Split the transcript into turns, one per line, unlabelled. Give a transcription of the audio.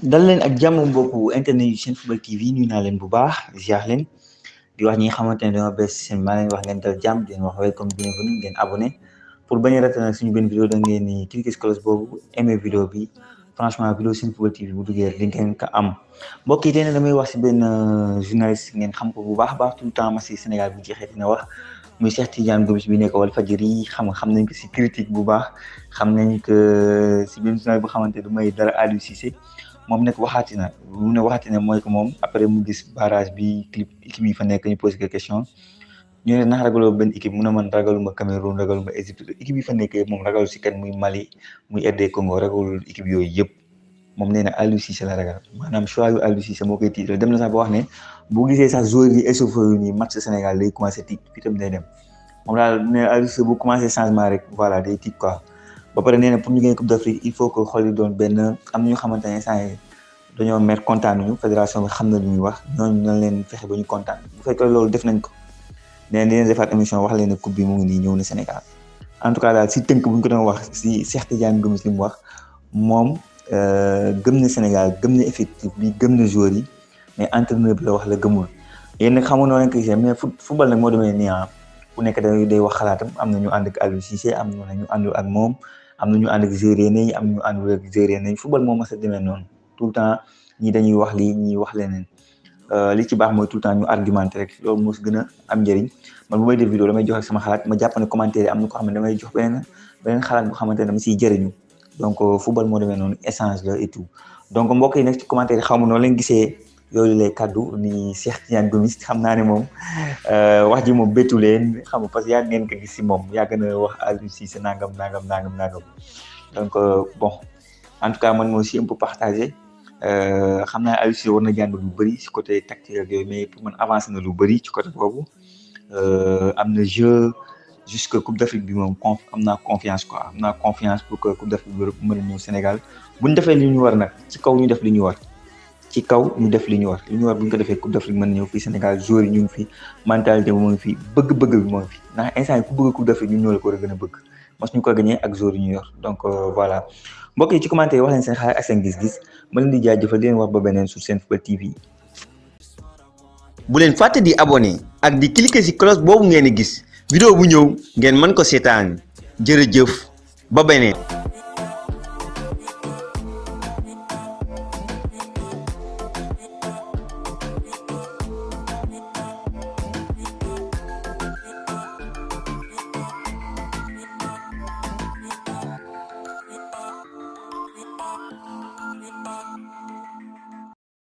dal leen ak jàmm mbokku internet yu Senfootball TV nuyu naa leen bu baax ziar leen di wax ñi nga xamante ne dañoo bees seen maa leen wax ngeen dal jàmm di leen wax welcome bienvenue ngeen abonné pour bañ a raté nag suñu benn vidéo da ngeen ni cliquer ci boobu aimé vidéo bi franchement vidéo Senfootball TV bu duggee li ngeen ko am mbokk yi tey damay wax si benn euh, journaliste ngeen xam ko bu baax baax tout le temps ma Sénégal bi jeexee dina wax. muy Cheikh Tidiane Gomis bi nekk wal fajiri xam nga xam nañ ko si critique bu baax xam nañ que si benn journal bu xamante du may dara Aliou Cissé moom nag waxaati na mu ne waxaati na mooy que moom après mu gis barrage bi clip équipe yi fa nekk ñu posé ko question ñu ne ndax ragaloo benn équipe mu ne man ragaluma Cameroun ragaluma Égypte équipe yi fa nekk moom ragalu si kan muy Mali muy RD Congo ragalul équipe yooyu yëpp moom nee na Aliou Cissé la ragal maanaam choix yu Aliou Cissé moo koy tiital dem na sax ba wax ne bu gisee sax joueurs yi échauffé yu nii match Sénégal lay commencé tiit fii tam day dem moom daal nee na Aliou Cissé bu commencé changement rek voilà day tiit quoi ba pare nee pour ñu gagné Coupe d'Afrique il faut que xool yi doon benn am ñu xamante ne saa yi dañoo mer kontaan nañu fédération xam na lu ñuy wax ñooñu ñoo leen fexe ba ñu kontaan bu fekkee loolu def nañ ko nee na defaat émission wax leen ne coupe bi mu ngi nii ñëw na Sénégal en tout cas daal si tënk bu ko doon wax si Cheikh Tidiane Gomis li mu wax moom Euh, gëm na Sénégal gëm na effectif bi gëm na joueurs yi mais entraîneur bi la wax la gëmul yéen nag xamoon nañu que mais football nag moo demee nii ah. wax xalaatam am na ñu ànd ak Aliou Cissé am na ñu àndul ak moom am na ñu ànd ak géré nañ am ñu àndul ak géré nañ football moo mas a noonu tout le temps ñii dañuy wax lii ñii wax leneen euh, li ci baax mooy tout le temps ñu argumenté rek loolu moo si a am njëriñ man bu may def vidéo damay joxe sama xalaat ma jàpp ne am na ko xam ne damay jox beneen beneen xalaat boo xamante ne donc euh, football moo essence et tout donc mbok yi nek ci commentaire xamou no leen que yooyu lay ni Cheikh Gomis xamna mom euh wax ji leen xamou parce que ngeen ko gis wax nangam nangam nangam donc euh, bon en tout cas man aussi un peu partager. Je xamna vous lu bari ci côté tactique mais pour man avancer na lu bari ci côté bobu euh jeu jusque Coupe d'Afrique bi moom conf am naa confiance quoi am naa confiance pour que Coupe d'Afrique bi mën a Sénégal bu ñu defee li ñu war nag ci kaw ñu def li ñu war ci kaw ñu def li ñu war li ñu war bu ñu ko defee Coupe d'Afrique mën na ñëw fii Sénégal joueurs yi ñu ngi fi mentalité bi moo ngi fi bëgg-bëgg bi moo ngi fi ndax instant yi ku bëgg Coupe d'Afrique ñun ñoo la ko war gën a bëgg mos ñu ko gagné ak joueurs yi ñu yor donc euh, voilà mbokk yi ci commentaire wax leen seen xalaat ak seen gis-gis ma leen di jaajëfal di leen wax ba beneen sur football TV bu leen fàtte di abonné ak di cliquer ci cloche boobu ngeen di gis vidéo bu ñëw ngeen mën ko seetaan jërëjëf ba beneen